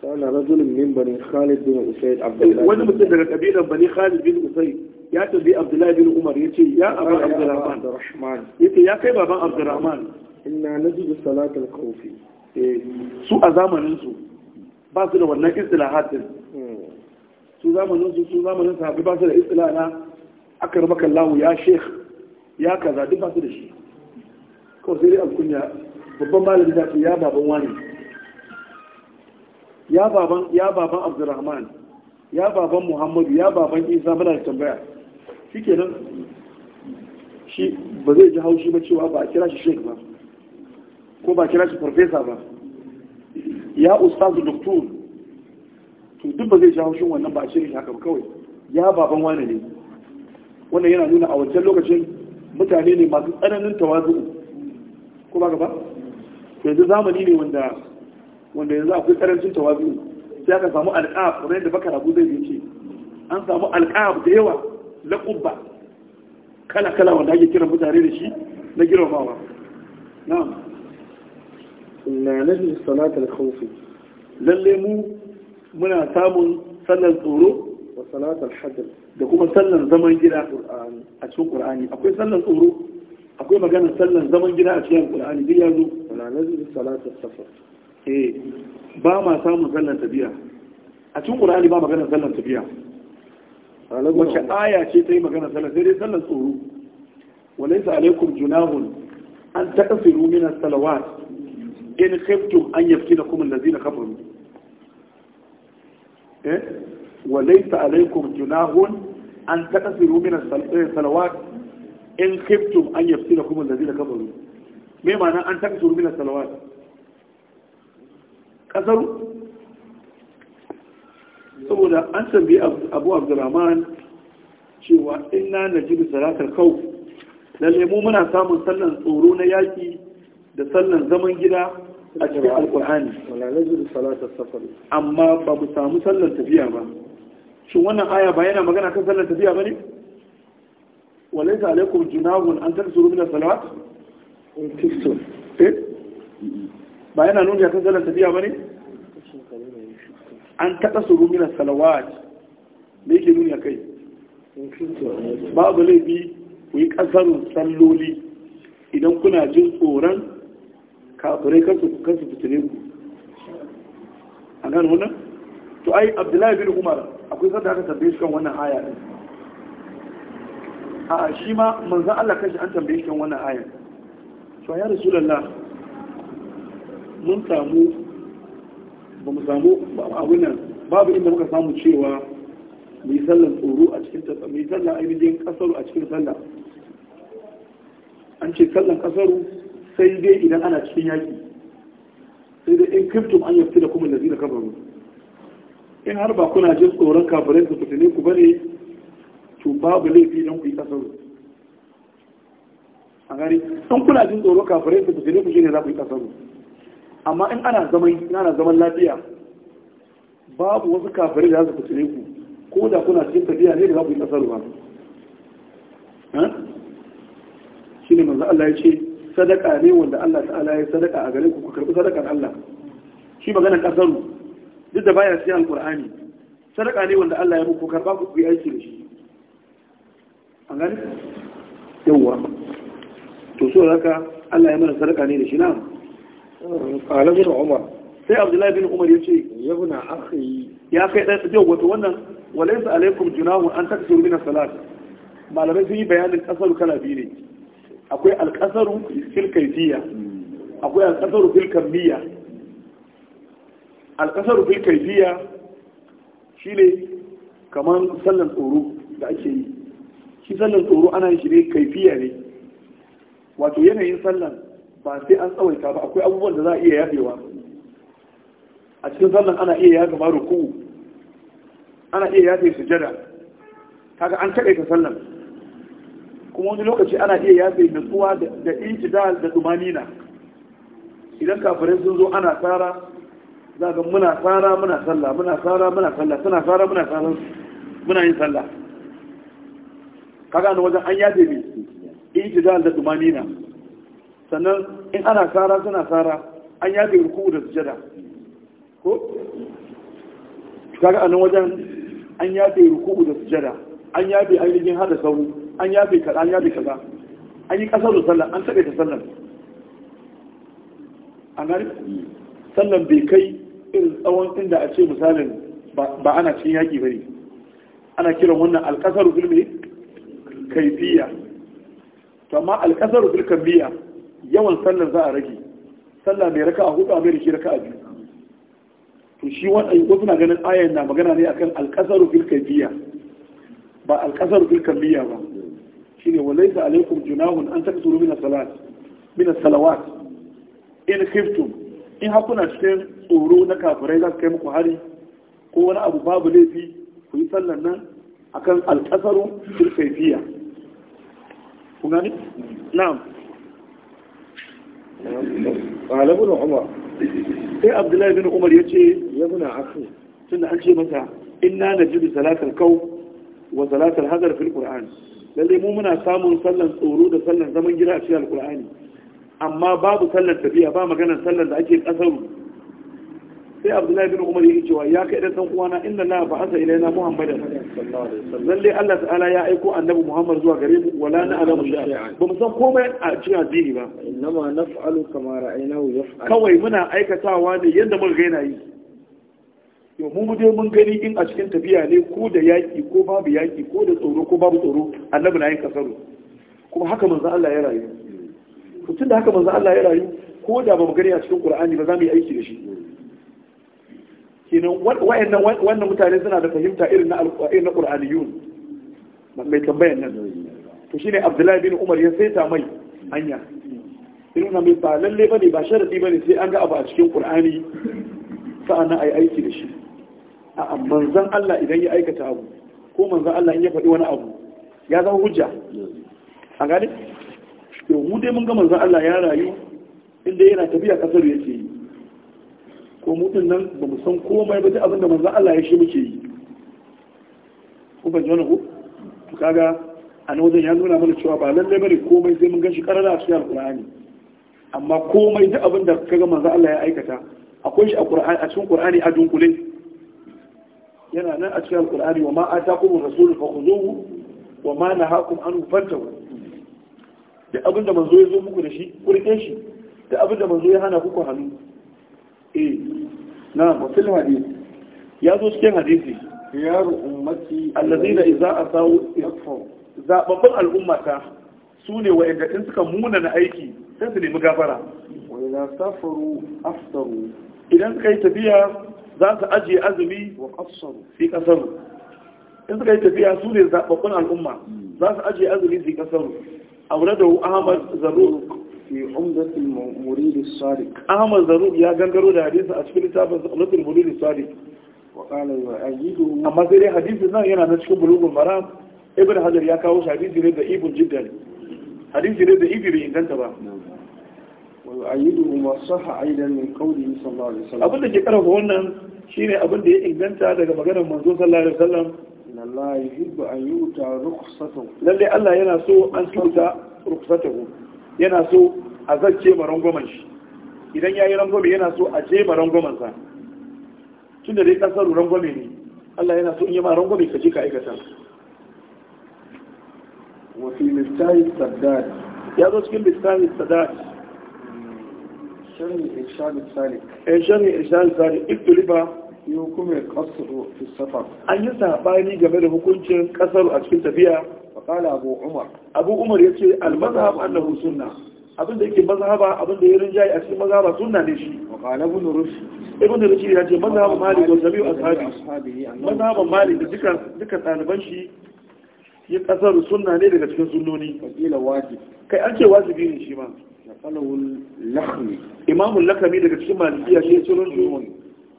S1: kana rajulun min Khalid bin Usayd Abdullah wani mutum daga kabilan bani Khalid bin Usayd ya tabi Abdullah bin Umar yace ya Abu Abdurrahman yace ya kai baban Abdurrahman inna najidu salatul khawfi su a zamanin su ba su da wannan istilahatin su zamanin su su zamanin sahabbai ba su da istilah na akar maka lahu ya sheikh ya kaza duk ba da shi kawai sai dai alkunya babban malami da ya baban wani ya baban ya baban abdurrahman ya baban muhammadu ya baban isa muna da tambaya shikenan shi ba zai ji haushi ba cewa ba a kira shi shek ba ko ba a kira shi farfesa ba ya ustazu doktor to duk ba zai ji haushin wannan ba a shirin haka ba kawai ya baban wani ne wannan yana nuna a wancan lokacin mutane ne masu tsananin tawazu ko ba gaba yanzu zamani ne wanda wanda yanzu akwai karancin tawazu sai aka samu alƙab kamar yadda baka rabu zai yake an samu alƙab da yawa na ƙubba kala kala wanda ake kiran mutane da shi na girmamawa na'am na nafi salatar khawfi lalle mu muna samun sallar tsoro wa salatar hajjar da kuma sallar zaman gida a cikin qur'ani akwai sallar tsoro akwai maganar sallar zaman gida a cikin qur'ani duk ya na nafi safar eh ba ma samun sallar tafiya a cikin ƙur'ani ba maganar sallar tafiya wacce aya ce ta yi maganar sallar sai dai sallar tsoro walaysa alaikum junahun an taqsiru min as-salawat in khiftum an kuma da yaftinakum allazina kafaru eh walaysa alaikum junahun an taqsiru min as-salawat in khiftum an kuma yaftinakum allazina kafaru me ma'ana an taqsiru min as-salawat kasaru saboda an tambi abu abdurrahman cewa ina na jibi salatar kau da lemu muna samun sallan tsoro na yaƙi da sallan zaman gida a cikin alkuhani amma ba mu samu sallan tafiya ba shin wannan aya ba yana magana kan sallan tafiya ba ne walai alaikum junahun an tarsu rubina salawat in kisto ba yana nuni akan sallar tafiya ba ne an taɗa su rumina salawat da yake nuni a kai babu laifi ku yi ƙasarun salloli idan kuna jin tsoron kafirai kansu kansu fitine ku a gano wannan to ai abdullahi bin umar akwai sanda aka tambaye shi kan wannan aya ɗin? a shi ma manzan Allah kashi an tambaye shi kan wannan aya to ya rasulullah mun samu ba mu samu abin nan babu inda muka samu cewa mai sallan tsoro a cikin tsatsa mai yi sallan ainihin kasaru a cikin sallah an ce sallan kasaru sai dai idan ana cikin yaki sai dai in kiftum an yafi da kuma lazi da kabaru in har ba kuna jin tsoron kafirai su fitine ku bane to babu laifi don ku yi kasaru a gari in kuna jin tsoron kafirai su fitine ku shine za ku yi kasaru amma in ana zaman ana zaman lafiya babu wasu kafirai da za su fitile ku ko da kuna cikin tafiya ne da za ku yi kasar ba shi ne manzo Allah ya ce sadaka ne wanda Allah ta'ala ya sadaka a gare ku ku karbi sadakar Allah shi maganar kasar duk da baya sai alqur'ani sadaka ne wanda Allah ya ku karba ku yi aiki da shi an gani yawwa to so haka Allah ya mana sadaka ne da shi na'am قال ابن عمر sai abdullahi bin umar ya ce ya kai dan yau wato wannan walaysa alaikum junahun an taksiru min salat malamai sun yi bayanin kasaru kala biyu ne akwai alkasaru fil kayfiyya akwai shine kaman sallan tsoro da ake yi shi sallan tsoro ana yin shi ne kaifiya ne wato yanayin sallan ba sai an tsawaita ba akwai abubuwan da za a iya yafewa a cikin sannan ana iya yafe ma ruku ana iya yafe sujada kaga an taƙaita sannan kuma wani lokaci ana iya yafe nutsuwa da inci da dumanina idan kafirai sun zo ana tsara za ga muna tsara muna sallah muna tsara muna sallah suna tsara muna tsara muna yin sallah kaga na wajen an yafe mai intidal da dumanina sannan in ana tsara suna tsara an yaɗe ruku da sujada ko kaga anan wajen an yaɗe ruku da sujada an yaɗe ainihin hada sauru an yaɗe kaza an yaɗe kaza an yi ƙasar da sallan an taɓe ta sallan a gari? sallan bai kai irin tsawon inda a ce misalin ba ana cikin yaƙi ba ne ana kiran wannan alƙasar filme kaifiya to amma alƙasar filkan biya yawan sallar za a rage sallah mai raka a hudu a mai shi raka a biyu to shi wannan wasu suna ganin ayan na magana ne akan alƙasaru fil kayfiyya ba alƙasaru fil kalliyya ba shine walaysa alaikum junahun an taqsuru min as-salat min as-salawat in khiftum in hakuna cikin tsoro na kafirai za su kai muku hari ko wani abu babu laifi ku yi sallar nan akan alƙasaru fil kayfiyya kun gani na'am قال ابن sai abdullahi bin umar ya ce ya muna asu tun an ce masa inna na jibi salatar kau wa salatar hazar fil qur'an lalle mu muna samun sallan tsoro da sallan zaman gida a cikin alqur'ani amma babu sallan tafiya ba maganar sallar da ake kasaru sai abdullahi bin umar yake cewa ya kai dan inda na inna la ba'atha ilaina muhammadan lalle Allah ta'ala ya aiko annabi muhammad zuwa gare mu wala na alamu ba mu san komai a cikin addini ba innama naf'alu kama ra'aynahu yaf'al kawai muna aikatawa ne yanda muka gai na yi yau mu je mun gani in a cikin tafiya ne ko da yaki ko babu yaki ko da tsoro ko babu tsoro annabi na yin kasaro kuma haka manzo Allah ya rayu tun da haka manzo Allah ya rayu ko da ba mu gani a cikin Qur'ani ba za mu yi aiki da shi kenan wa'annan wannan mutane suna da fahimta irin na qur'aniyun mai tambaya nan to shine abdullahi bin umar ya saita mai hanya irin na mai ba lalle bane ba sharadi bane sai an ga abu a cikin qur'ani sa'annan ai aiki da shi a'a manzon Allah idan ya aikata abu ko manzon Allah in ya faɗi wani abu ya zama hujja a gane? to mu dai mun ga manzon Allah ya rayu inda yana tafiya kasar yake yi ko mutum nan ba mu san komai ba duk abin da manzon Allah ya shi muke yi ko ban jona ko to kaga a nan wajen ya nuna mana cewa ba lallai bane komai sai mun gashi karara a cikin alkur'ani amma komai duk abin da kaga manzon Allah ya aikata akwai shi a qur'ani a cikin qur'ani a dunkule yana nan a cikin alkur'ani wa ma atakum rasul fa khuzuhu wa ma nahakum anhu fantahu duk abin da manzo ya zo muku da shi kurke shi da abin da manzo ya hana ku hannu Eh, na wasil hadisi ya zo cikin hadisi ya khiyaru ummati allazina idza asaw yakfu zababban al'ummata su sune wa'anda in suka muna na aiki sai su nemi gafara wa idza safaru aftaru idan suka yi tafiya za su ajiye azumi wa qassaru fi qasaru in suka yi tafiya su ne zaɓaɓɓun al'umma hmm. za su ajiye azumi fi yi ƙasar aure ahmad zarur fi umdatul murid as-sadiq Ahmad Zarub ya gangaro da hadisi a cikin littafin umdatul murid as-sadiq wa qala wa ajidu amma sai dai hadisin nan yana na cikin bulugul maram Ibn Hajar ya kawo shi hadisi ne da ibn jiddan hadisi ne da ibn inganta ba wa ajidu ma sahha aidan min qawlihi sallallahu alaihi wasallam abin da ke karfafa wannan shine abin da ya inganta daga maganar manzo sallallahu alaihi wasallam Allah yuhibbu an yuta rukhsatahu lalle Allah yana so an tuta rukhsatahu yana so a zarce ma rangwamen shi idan ya yi rangwame yana so a je ma rangwamen sa tun da dai kasar rangwame ne Allah yana so in yi ma rangwame ka je ka aikata wafi mistahi sadat ya zo cikin mistahi sadat sharri irshad salik eh sharri irshad salik iktuliba yukumu qasru fi safar an yi sabani game da hukuncin kasar a cikin tafiya faƙala abu umar abu umar ya ce almazhab annahu sunna abinda yake mazhaba abinda ya rinjaye a cikin mazhaba sunna ne shi faƙala ibn rushd ibn rushd ya ce mazhab malik wa jami'u ashabi mazhab malik da duka duka ɗaliban shi ya kasar sunna ne daga cikin sunnoni faƙila wajib kai an ce wajibi ne shi ma falawul lakhmi imamul lakami daga cikin malikiya shi ya ce ran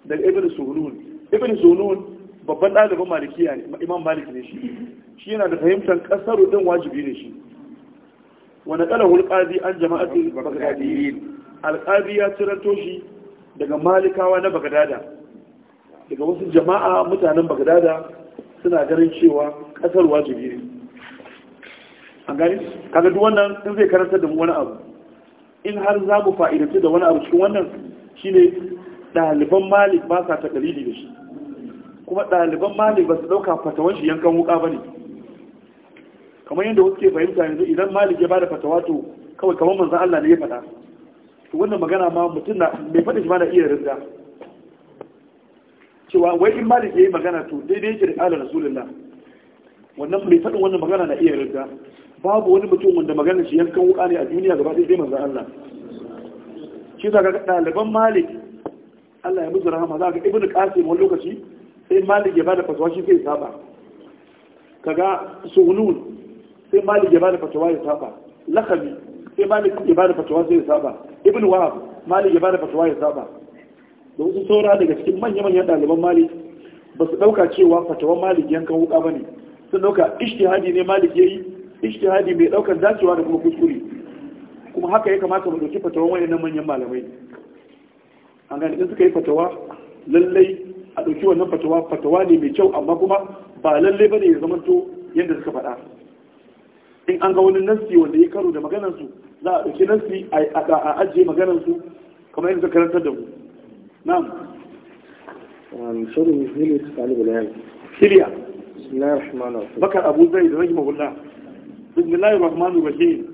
S1: daga ibn suhunun ibn suhunun babban ɗaliban malikiya ne imam malik ne shi shi yana da fahimtar kasaru din wajibi ne shi Wani kala hulqadi an jama'atul bagdadiyin alqadi ya tiranto shi daga malikawa na bagdada daga wasu jama'a mutanen bagdada suna ganin cewa kasar wajibi ne an gani kaga duk wannan in zai karanta da wani abu in har za mu fa'idatu da wani abu cikin wannan shine ɗaliban malik ba sa ta dalili da shi kuma ɗaliban malik ba su ɗauka fatawan shi yankan wuka ba ne kamar yadda wasu ke fahimta yanzu idan malik ya bada fatawa to kawai kamar manzan Allah ne ya faɗa to wannan magana ma mutum na mai fada shi ma na iya rinda cewa wai in malik ya yi magana to daidai yake da ƙalar rasulullah wannan mai fadin wannan magana na iya rinda babu wani mutum wanda magana shi yankan wuka ne a duniya gaba ɗaya sai manzan Allah shi za ka ga ɗaliban malik Allah ya musu rahama za ka ibn qasim wani lokaci sai malik ya bada fatawa shi sai saba kaga sunun sai malik ya bada fatawa ya saba lakabi sai malik ya bada fatawa sai ya saba ibn wahab malik ya bada fatawa ya saba da wasu saura daga cikin manya-manyan ɗaliban malik ba su ɗauka cewa fatawan malik yankan wuka ba ne sun ɗauka ishtihadi ne malik ya yi ishtihadi mai ɗaukar dacewa da kuma kuskure kuma haka ya kamata mu ɗauki fatawan wayannan manyan malamai an gani in suka yi fatawa lallai a ɗauki wannan fatawa fatawa ne mai kyau amma kuma ba lallai ba ne ya to yadda suka faɗa in an ga wani nassi wanda ya karo da maganarsu za a ɗauki nassi a ajiye maganarsu kamar yadda karantar da mu na'am um, shirin shirya bismillahir rahmanir rahim bakar abu bismillahir rahmanir rahim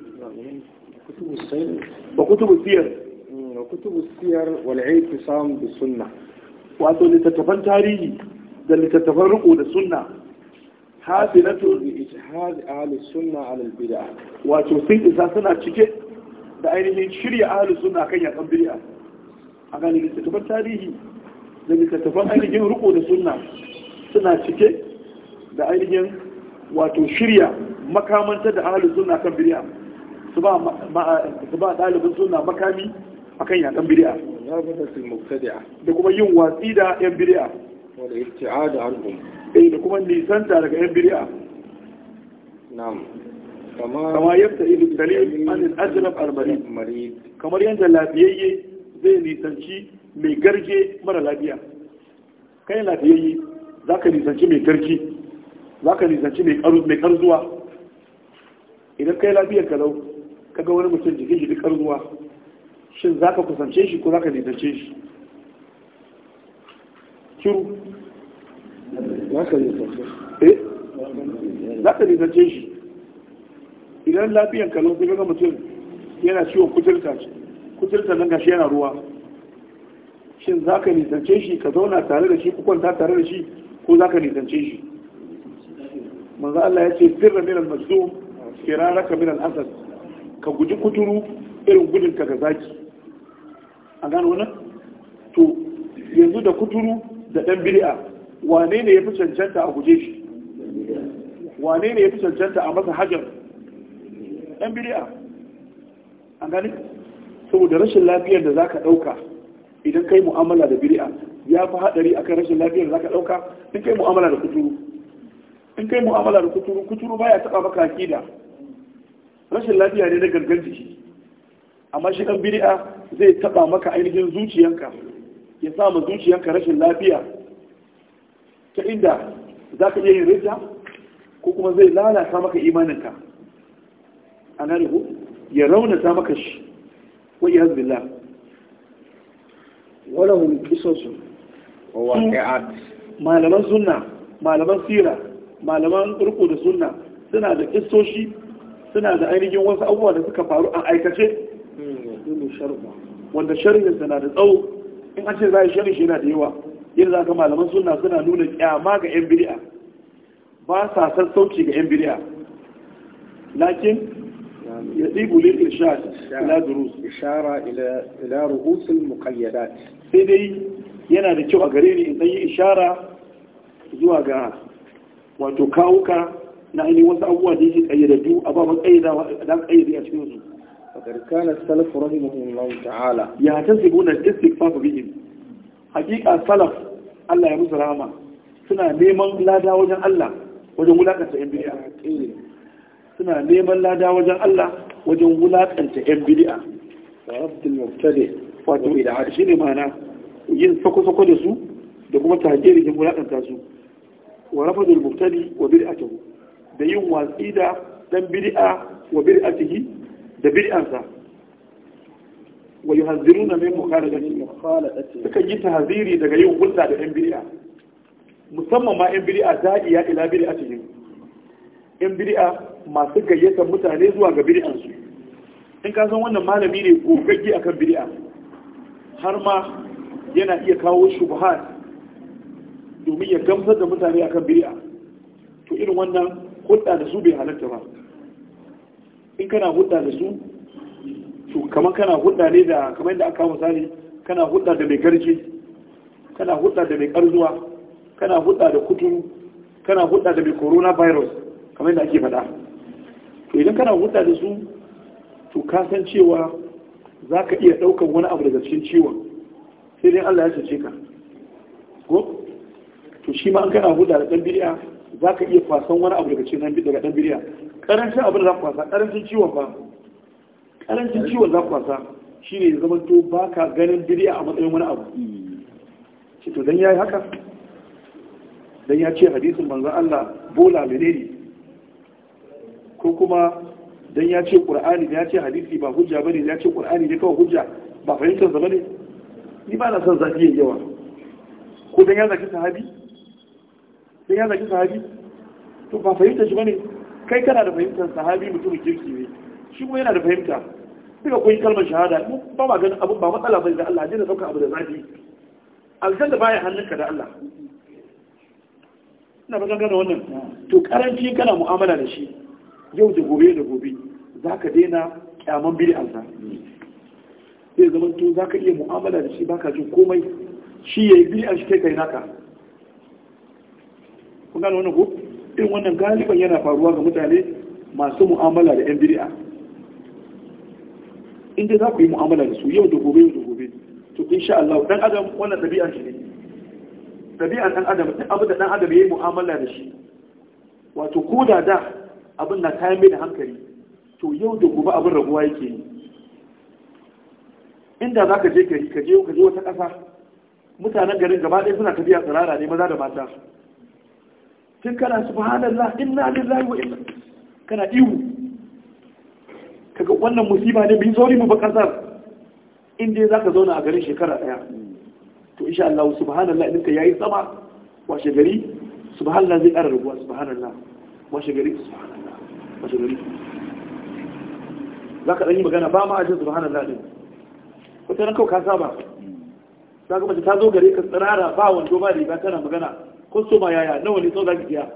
S1: wa kutubu siyar mm, wa kutubu siyar wal sunnah wato littattafan tarihi da littattafan riƙo da sunna hasilatu ijtihad ahli sunna ala bid'ah wato sun isa suna cike da ainihin shirya ahli sunna kan yakan bid'ah a gani littattafan tarihi da littattafan ainihin riko da sunna suna cike da ainihin wato shirya makamanta da ahli sunna kan bid'ah su ba su ba dalibin sunna makami akan yakan ga da kuma yin watsi da yan bid'a wal ibti'ad anhum eh da kuma nisanta daga yan bid'a na'am kama yadda yi dalilin an al-ajnab marid kamar yadda lafiyayye zai nisanci mai garje mara lafiya kai lafiyayye ka nisanci mai garje ka nisanci mai karzuwa idan kai lafiyar ka lau kaga wani mutum jikin jikin karzuwa shin ka kusance shi ko za ka nisance shi za ka nisance eh? shi idan lafiyan kalon sai ga mutum yana ciwon kuturta kuturta nan gashi yana ruwa shin za ka nisance shi ka zauna tare da shi ku kwanta tare da shi ko za ka nisance shi manzo Allah ya ce sirra min al-mazlum firaraka min al-asad ka guji kuturu irin gudun ka ga zaki a gano wannan to yanzu da kuturu da dan bid'a wane ne ya fi cancanta a guje shi wane ne ya fi cancanta a masa hajar ɗan biri'a, an gani saboda rashin lafiyar da za ka ɗauka idan kai mu'amala da biri'a ya fi haɗari a kan rashin lafiyar da za ka ɗauka in kai mu'amala da kuturu in kai mu'amala da kuturu kuturu ba ya taɓa maka akida rashin lafiya ne na gangan jiki amma shi ɗan biri'a zai taɓa maka ainihin zuciyanka ya sa ma zuciyanka rashin lafiya ta inda za ka iya yin rija, ko kuma zai lalata maka imaninka a nan ko ya raunata maka shi wa iya zilla wala hun kisansu wa waqi'at malaman sunna malaman sira malaman riko da sunna suna da kisoshi suna da ainihin wasu abubuwa da suka faru a aikace hmm. wanda sharhi na da tsawo in an ce za a yi shi, yana da yawa yin za ka malaman suna suna nuna kyama ga 'yan biri'a ba sa sassauci ga 'yan biri'a lakin ya ɗibu lil ishara ila sai dai yana da kyau a gare ni in yi ishara zuwa ga wato kawuka na ainihin wasu abubuwa da yake kayyadaddu a ba matsayyawa dan a cikin su فقد كان السلف رحمه الله na يعتزبون الاستكفاف بهم hakika salaf Allah ya musu rahama suna neman lada wajen Allah wajen wulakanta yan bid'a suna neman lada wajen Allah wajen wulakanta yan bid'a wa rabdul mubtadi wato bid'a shine mana yin sako-sako da su da kuma tahjiri da wulakanta su wa rafadul mubtadi wa bid'atuhu da yin watsi da dan bid'a wa bid'atihi da bid'ansa wa yuhaziruna min mukhalafati suka yi tahziri daga yin hulɗa da yan biri'a. musamman ma yan bid'a da'iya ila bid'atihim yan biri'a masu gayyatar mutane zuwa ga biri'ansu. in ka san wannan malami ne ko a akan biri'a? har ma yana iya kawo shubhat domin ya gamsar da mutane akan biri'a. to irin wannan hulɗa da su bai halatta ba in kana hulɗa da su to kama kana hudda ne da kama yadda aka misali kana hudda da mai garji kana hudda da mai karzuwa kana hudda da kuturu kana hudda da mai coronavirus kama yadda ake faɗa to idan kana hudda da su to ka san cewa za ka iya daukan wani abu daga cikin ciwon sai dai Allah ya cece ka ko to shi ma an kana hudda da dan biriya za ka iya kwasan wani abu daga cikin daga ɗan biriya ƙarancin abin da za ka kwasa karancin ciwon ba karancin ciwon za kwasa shi ne zama to ba ka ganin bidiya a matsayin wani abu shi to don ya yi haka don ya ce hadisin manzan Allah bola menene ko kuma don ya ce ƙur'ani da ya ce hadisi ba hujja ba ne ya ce ƙur'ani ne kawai hujja ba fahimtar zama ne ni ba na son zafi yayi yawa ko don ya zaki sahabi don ya zaki sahabi to ba fahimtar shi ba ne kai kana da fahimtar sahabi mutumin kirki ne shi kuma yana da fahimta duka kun kalmar shahada mu ba ma ganin abin ba matsala bai da Allah jina sauka abu da zafi da baya hannunka da Allah ina ba gangana wannan to karanci kana mu'amala da shi yau da gobe da gobe za ka daina kyaman biri alza sai zaman to ka iya mu'amala da shi baka jin komai shi ya yi biri a shi kai kai naka kun gano wannan ko irin wannan galiban yana faruwa ga mutane masu mu'amala da yan a in za ku yi mu'amala da su yau da gobe yau da gobe to insha Allah dan adam wannan dabi'an shi ne dabi'an dan adam duk abu da dan adam yayi mu'amala da shi wato ko da da abin na kayan mai da hankali to yau da gobe abin raguwa yake yi inda za ka je ka ka je ka je wata ƙasa mutanen garin gaba ɗaya suna tafiya tsirara ne maza da mata tun kana subhanallah inna lillahi wa inna kana ihu kaga wannan musiba ne mu yi mu ba kasar in dai zaka zauna a garin shekara daya to insha Allah subhanallah ɗinka yayi sama washe gari subhanallah zai ƙara rubuwa, subhanallah washe gari subhanallah washe gari zaka dan yi magana ba ma ajin subhanallah din ko tana kawai ka saba zaka mace ta zo gare ka tsirara ba wando ba riga tana magana ko so ma yaya nawa ne sau zaki biya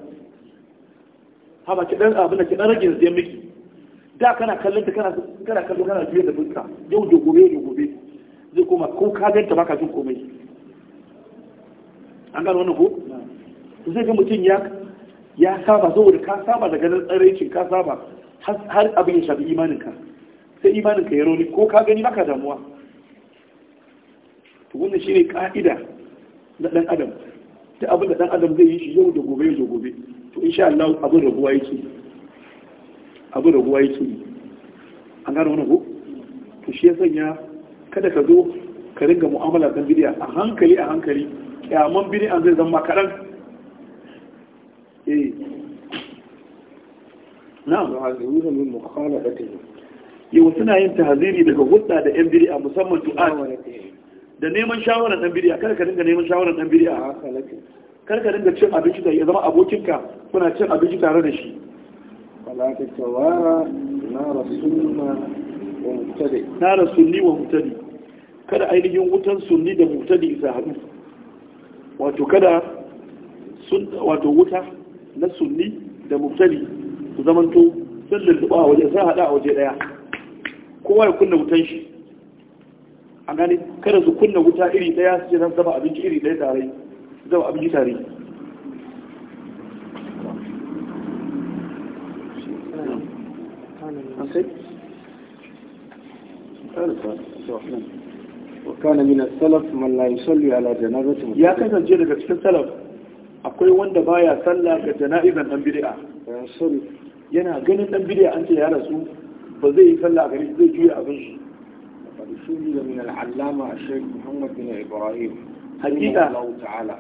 S1: ha ki dan abin da ki dan rage zai miki da kana kallon ta kana kana kallo kana juya da fuska yau da gobe da gobe zai koma ko ka ganta baka jin komai an gano wannan ko to sai ga mutun ya ya saba saboda ka saba daga ganin tsaraicin ka saba har abin ya shafi imaninka sai imaninka ya rauni ko ka gani baka damuwa to wannan shine ka'ida na dan adam da abin da dan adam zai yi shi yau da gobe da gobe to insha Allah abin rabuwa yake abu da ruwa yake an gano wani to shi ya sanya kada ka zo ka ringa mu'amala dan bidiya a hankali a hankali kyaman bidiya zai zama kaɗan eh na'am wa haziruna min mukhalafatihim yau suna yin tahaziri daga hudda da yan bidiya musamman du'a da neman shawarar dan bidiya kada ka dinga neman shawarar dan bidiya kar ka dinga cin abinci da ya zama abokinka kuna cin abinci tare da shi لا تتوارى نار السنة ومبتدئ نار السنة ومبتدئ kada ainihin wutan sunni da mubtadi su haɗu wato wuta na sunni da mubtadi su zamanto sun lulluɓa a waje kowa ya kunna wutan shi a gani kada su kunna wuta iri ɗaya su ce zama abinci iri ɗaya tare zama abinci tare sosai وكان من السلف من لا يصلي على جنازة يا كذا جيل daga cikin salaf akwai wanda baya sallah ga janaizan dan bid'a yana ganin dan bid'a an ce ya rasu ba zai yi sallah gare shi zai juya abin shi رسول من العلامة الشيخ محمد بن إبراهيم حقيقة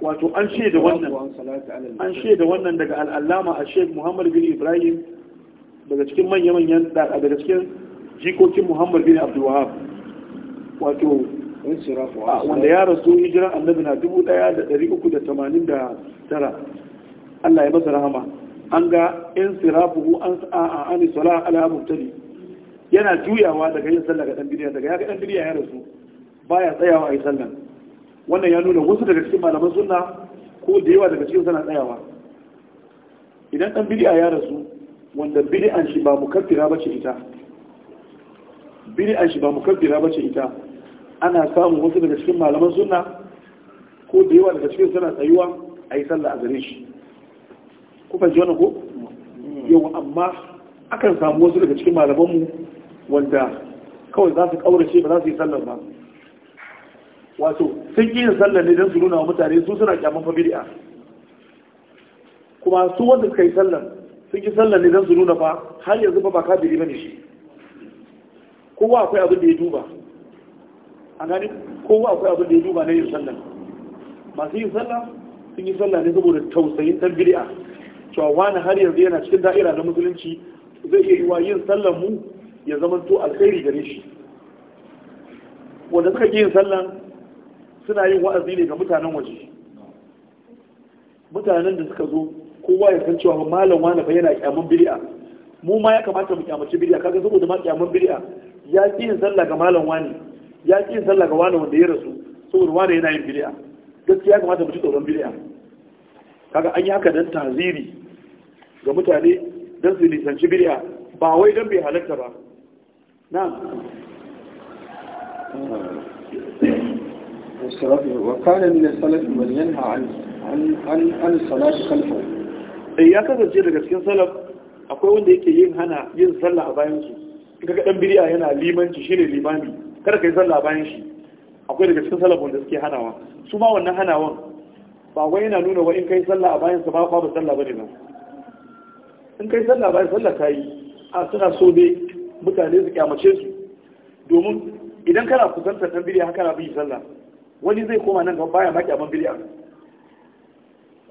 S1: وأن شيء دوانا أن شيء دوانا العلامة الشيخ محمد بن إبراهيم daga cikin manya-manyan daga cikin jikokin muhammad bin abdulwahab wato wanda ya rasu hijiran annabi na 1389 Allah ya masa rahama an ga in sirafuhu an sa'a an sala ala mubtadi yana juyawa daga yin sallah ga dan biriya. daga ya dan bidiya ya rasu baya tsayawa a yi sallan wannan ya nuna wasu daga cikin malaman sunna ko da yawa daga cikin suna tsayawa idan dan biriya ya rasu wanda bidi'an shi ba mukaffira bace ita bidi'an shi ba mukaffira bace ita ana samun wasu daga cikin malaman sunna ko da yawa daga cikin suna tsayuwa a yi sallah a gare shi ku fahimci wannan ko yau amma akan samu wasu daga cikin malamanmu wanda kawai za su kaurace ba za su yi sallar ba wato sun yi sallar ne don su nuna wa mutane su suna kyaman fa bidi'a kuma su wanda suka yi sallar sun ki sallar ne don su nuna fa har yanzu ba ba biri bane shi kowa akwai abin da ya duba a gani kowa akwai abin da ya duba na yin sallar masu yin sallar sun yi sallar ne saboda tausayin dan bid'a cewa wani har yanzu yana cikin da'ira na musulunci zai iya yiwa yin sallar mu ya zama to alkhairi gare shi wanda suka ki yin sallar suna yin wa'azi ne ga mutanen waje mutanen da suka zo kowa ya san cewa malam wani fa yana kyamun bid'a mu ma ya kamata mu kyamaci bid'a kaga saboda ma kyamun bid'a ya ƙi yin sallah ga malam wani ya ƙi yin sallah ga wani wanda ya rasu saboda wani yana yin bid'a gaskiya ya kamata mu ci tsoron bid'a kaga an yi haka dan taziri ga mutane dan su nisanci bid'a ba wai dan bai halatta ba na'am والسلف وكان من السلف من ينهى عن عن عن الصلاة خلفه Eh, ya kasance daga cikin salaf akwai wanda yake yin hana yin sallah a bayan su kaga dan bid'a yana limanci shine limami kada kai sallah bayan shi akwai daga cikin salaf wanda suke hanawa su ma wannan hanawan ba wai yana nuna wa in kai sallah a bayan su ba ba sallah bane ba in kai sallah bayan sallah ta yi a suna so ne mutane su kyamace su domin idan kana kusantar dan bid'a haka na bi sallah wani zai koma nan gaba baya ma kyaman bid'a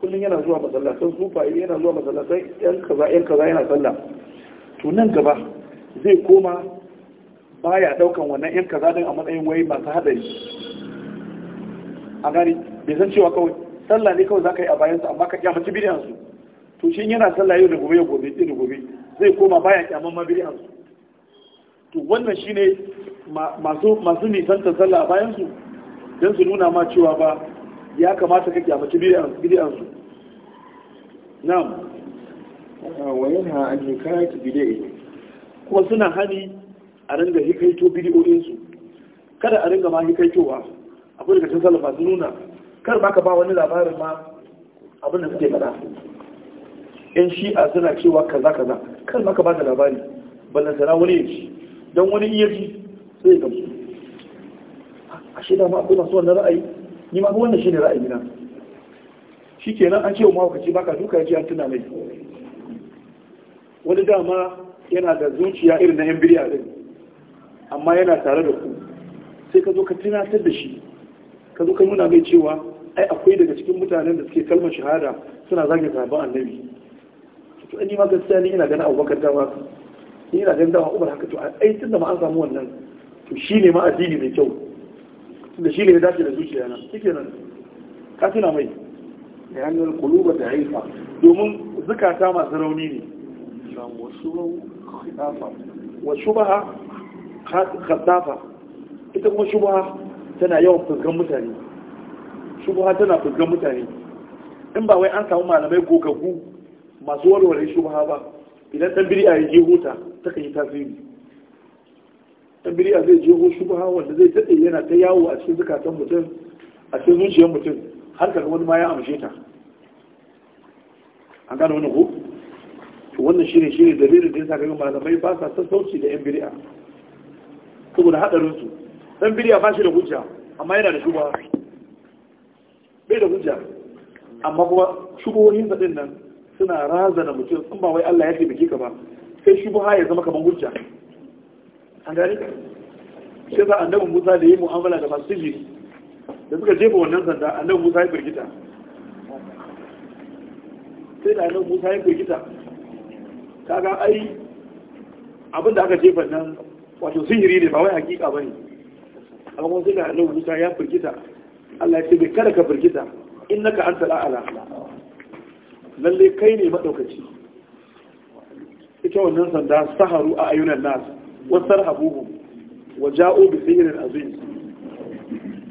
S1: kullum yana zuwa masallatan sufaye yana zuwa masallatan yan kaza yan kaza yana sallah to nan gaba zai koma baya daukan wannan yan kaza din a matsayin wai masu hadari a gani bai san cewa kawai sallah ne kawai zaka yi a bayan sa amma ka kyamaci bidiyan su to shi yana sallah yau da gobe gobe da gobe zai koma baya kyaman ma bidiyan su to wannan shine masu masu nisan ta sallah a bayan su su nuna ma cewa ba ya kamata ka kyamaci bidiyan su na'am ah, wa yanha an hikayat bidi'i kuma suna hani a ringa hikaito bidiyoyin su kada a ringa ma hikaitowa da daga salafa su nuna kar ba ka ba wani labarin ma abin da suke in yan shi'a suna cewa kaza kaza kar ba ka ba da labari ballan sana wani ya ci don wani iya ji sai ya gamsu a shida ma akwai masu wannan ra'ayi ni ma wannan shine ra'ayi na shikenan an ce wa mahaukaci baka duka yaji an tuna mai wani dama yana da zuciya irin na yan biriya din amma yana tare da ku sai ka zo ka tunatar da shi ka zo ka nuna mai cewa ai akwai daga cikin mutanen da suke kalmar shahada suna zage sahabban annabi to ni ma gaskiya ni ina ganin abubakar dama ni ina ganin dama umar haka to ai tun da ma an samu wannan to shine ma addini mai kyau da shi ne ya dace da zuciya na ke nan ka tuna mai da hannun kuluba da haifa domin zukata masu rauni ne ba shubaha khaddafa ita kuma shubaha tana yawan fuskan mutane tana fuskan mutane in ba wai an samu malamai gogaggu masu warware shubaha ba idan ɗan biri a yi huta ta kan yi tasiri dan biriya zai je ko shubha wanda zai tade yana ta yawo a cikin zukatan mutum a cikin zuciyar mutum har kaga wani ma ya amshe ta an gane wani ko to wannan shine shine dalilin da yasa kaga malamai ba sa sassauci da yan biriya saboda hadarin su dan biriya ba shi da hujja amma yana da shubha bai da hujja amma kuma shubuhohin din nan suna razana mutum in ba wai Allah ya taimake ka ba sai shubha ya zama kamar hujja an gane shi yasa annabi Musa da yi mu'amala da masu sihiri da suka jefa wannan sanda annabi Musa ya firgita sai da annabi Musa ya firgita kaga ai abin da aka jefa nan wato sihiri ne ba wai hakika bane amma kuma sai da annabi Musa ya firgita Allah ya ce bai kada ka firgita innaka anta la'ala lalle kai ne madaukaci ita wannan sanda saharu a ayyunan nasu wasar habuhu wa ja'o bi sihirin azim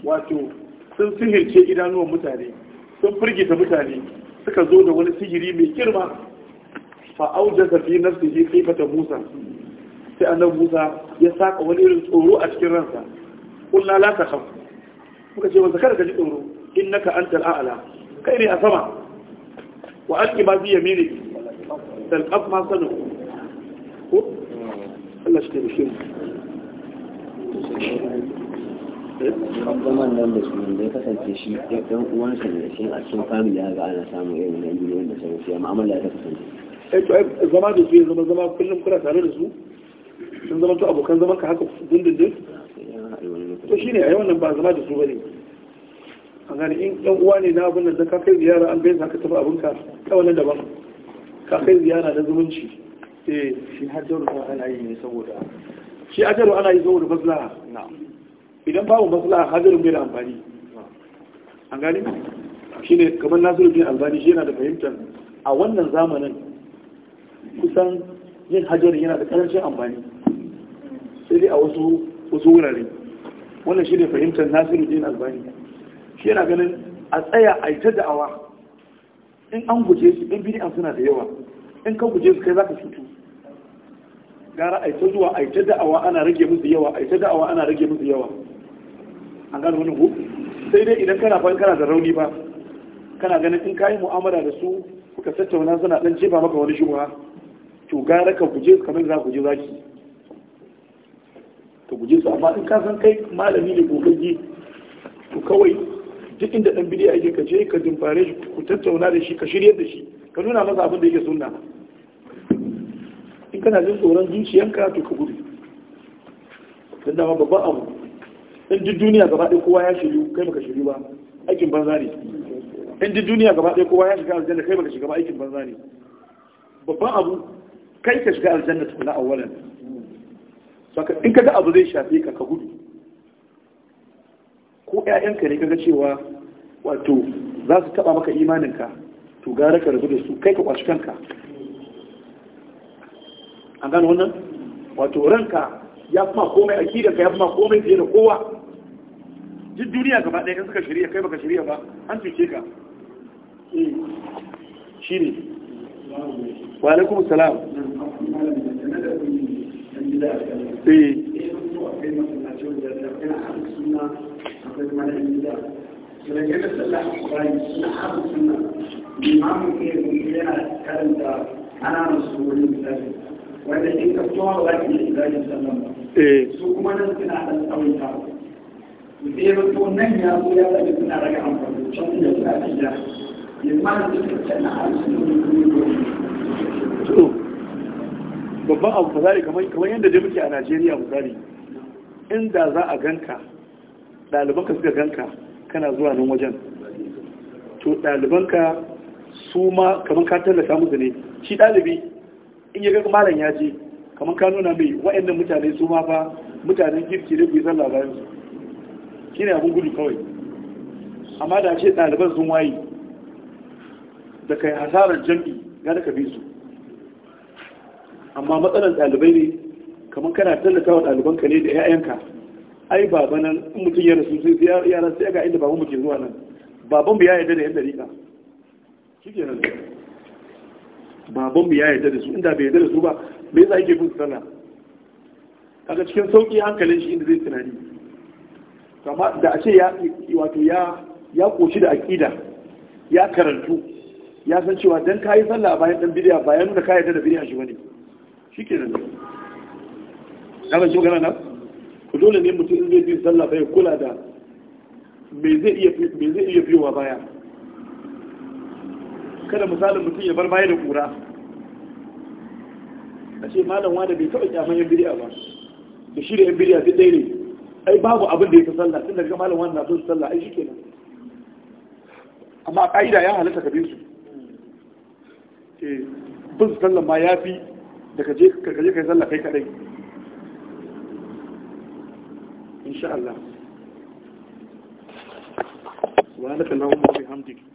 S1: wato sun sihirce idanuwan mutane sun firgita mutane suka zo da wani sihiri mai girma fa aujasa fi nafsihi khifata musa sai annabi musa ya saka wani irin tsoro a cikin ransa kullu la takhaf muka ce masa kada ka ji tsoro innaka antal a'la kai ne a sama wa alqi ma yamini. yaminik talqaf ma sanu Allah shi taimake mu abdoman nan musulmi zai kasance shi ɗan uwansa ne shi a cikin family ya ga ana samun irin na biyu wanda sai shi amma Allah ya ta kasance eh to zama da su ya zama zama kullum kuna tare da su sun zama to abokan zaman ka haka dindindin to shine a yawan nan ba zama da su bane an gane in ɗan uwa ne na abin da ka kai ziyara an gaisa ka tafi ka kawai nan daban ka kai ziyara na zumunci eh shi hajjaru ana yi ne saboda shi hajjaru ana yi saboda maslaha idan babu maslaha hajjarun bai da amfani an gani shi ne kamar nasiru bin albani shi yana da fahimtar a wannan zamanin kusan yin hajjarin yana da karancin amfani sai dai a wasu wasu wurare wannan shi ne fahimtar nasiru bin albani shi yana ganin a tsaya a yi ta da'awa in an guje su in bidi'an suna da yawa in ka guje su kai za ka cutu gara a ta zuwa a ta da'awa ana rage musu yawa a ta da'awa ana rage musu yawa an gano wani ku sai dai idan kana fa kana da rauni ba kana ganin in kayi mu'amala da su kuka tattauna suna dan jefa maka wani shubha to gara ka guje kamar za ku je zaki ka guje su amma in ka san kai malami ne gogagge to kawai duk inda dan bidiya yake ka je ka dumbare shi ku tattauna da shi ka shirye da shi ka nuna masa abin da yake sunna kana jin tsoron zuciyanka to ka gudu don dama babban abu in ji duniya gaba ɗaya kowa ya shiryu kai baka shiryu ba aikin banza ne in ji duniya gaba ɗaya kowa ya shiga aljanna kai baka shiga ba aikin banza ne babban abu kai ka shiga aljanna tukuna awwalan saka in ka ga abu zai shafe ka ka gudu ko ƴaƴanka ne kaga cewa wato za su taɓa maka imaninka to gara ka rabu da su kai ka kwashi kanka an gano wannan wato ranka ya fi ma komai ka ya fi ma komai fiye da kowa duk duniya gaba ɗaya in suka shirya kai baka shirya ba an cuce ka shi ne wa alaikum salam eh. Limamin wanda in ka tsohon ba ki yi zagin sallan ba eh. su kuma nan suna ɗan tsawon ta sai ya to nan ya zo ya zaɓi suna raga amfani can suna suna da yanzu ma da suka canna a cikin wani babban abu misali kamar yadda dai muke a najeriya misali inda za a ganka ɗalibanka suka ganka kana zuwa nan wajen to ɗalibanka su ma kamar ka tallata musu ne shi ɗalibi in ya ga malam ya je kamar ka nuna mai wa'annan mutane su ma fa mutanen girki ne ku yi sallah bayan su abin gudu kawai amma da ce ɗaliban sun wayi. da kai hasarar jam'i ga da bi su amma matsalar ɗalibai ne kamar kana tallata wa ɗalibanka ne da 'ya'yanka ai baba nan in mutum ya rasu sai yaran sai ga inda baban mu ke zuwa nan baban mu ya yarda da yadda rika shi ke nan babanmu ya yarda da su inda bai yarda da su ba me yasa yake bin sallah kaga cikin sauki hankalin shi inda zai tunani amma da a ce ya wato ya ya koshi da aqida ya karantu ya san cewa dan kai sallah bayan dan bid'a bayan da kai da bid'a shi bane shikenan kaga shi magana nan ku dole ne mutum zai bin sallah bai kula da me zai iya me zai iya biyowa baya kada misalin mutum ya bar baya da kura a ce malam wanda bai taɓa kyaman yan biriya ba da shi da yan biriya duk ɗaya ne ai babu abin da ya fi sallah tun daga malam wanda na so sallah ai shi nan amma a ƙa'ida ya halitta ka bin su eh, bin su sallah ma ya fi da ka je ka je kai sallah kai kadai insha Allah subhanaka allahumma wa bihamdika